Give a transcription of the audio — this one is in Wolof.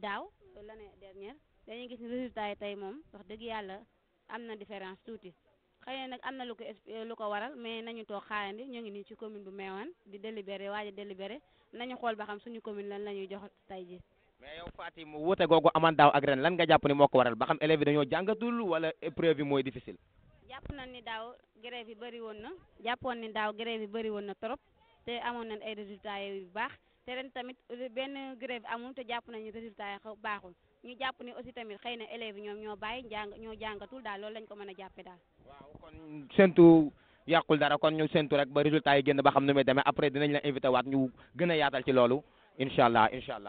daaw l'année dernière dañuy gis ne résultat yi tey moom wax dëgg yàlla am na différence tuuti xëy na nag am na lu ko lu ko waral mais nañu toog xaarandi ñu ngi nii ci commune bu Mewane di délibéré waaj a délibéré nañu xool ba xam suñu commune lan la ñuy jox tey ji mais yow Faty mu wuute googu aman daaw ak ren lan nga jàpp ni moo ko waral ba xam élèves yi dañoo jàngatul wala épreuve yi mooy difficile jàpp na ni daaw grève yi bari woon na jàppoon ni daaw grève yi woon na trop te amoon nañ ay résultats yu baax te ren tamit benn grève amul te jàpp nañu résultats yi baaxul ñu jàpp ni aussi tamit xëy na élèves yi ñoom ñoo bàyyi jàng ñoo jàngatul daal loolu lañ ko mën a jàppee daal. waaw kon séntu yàqul dara kon ñu séntu rek ba résultats yi génn ba xam ne muy demee après dinañ la invité waat ñu gën a yaatal ci loolu incha allah incha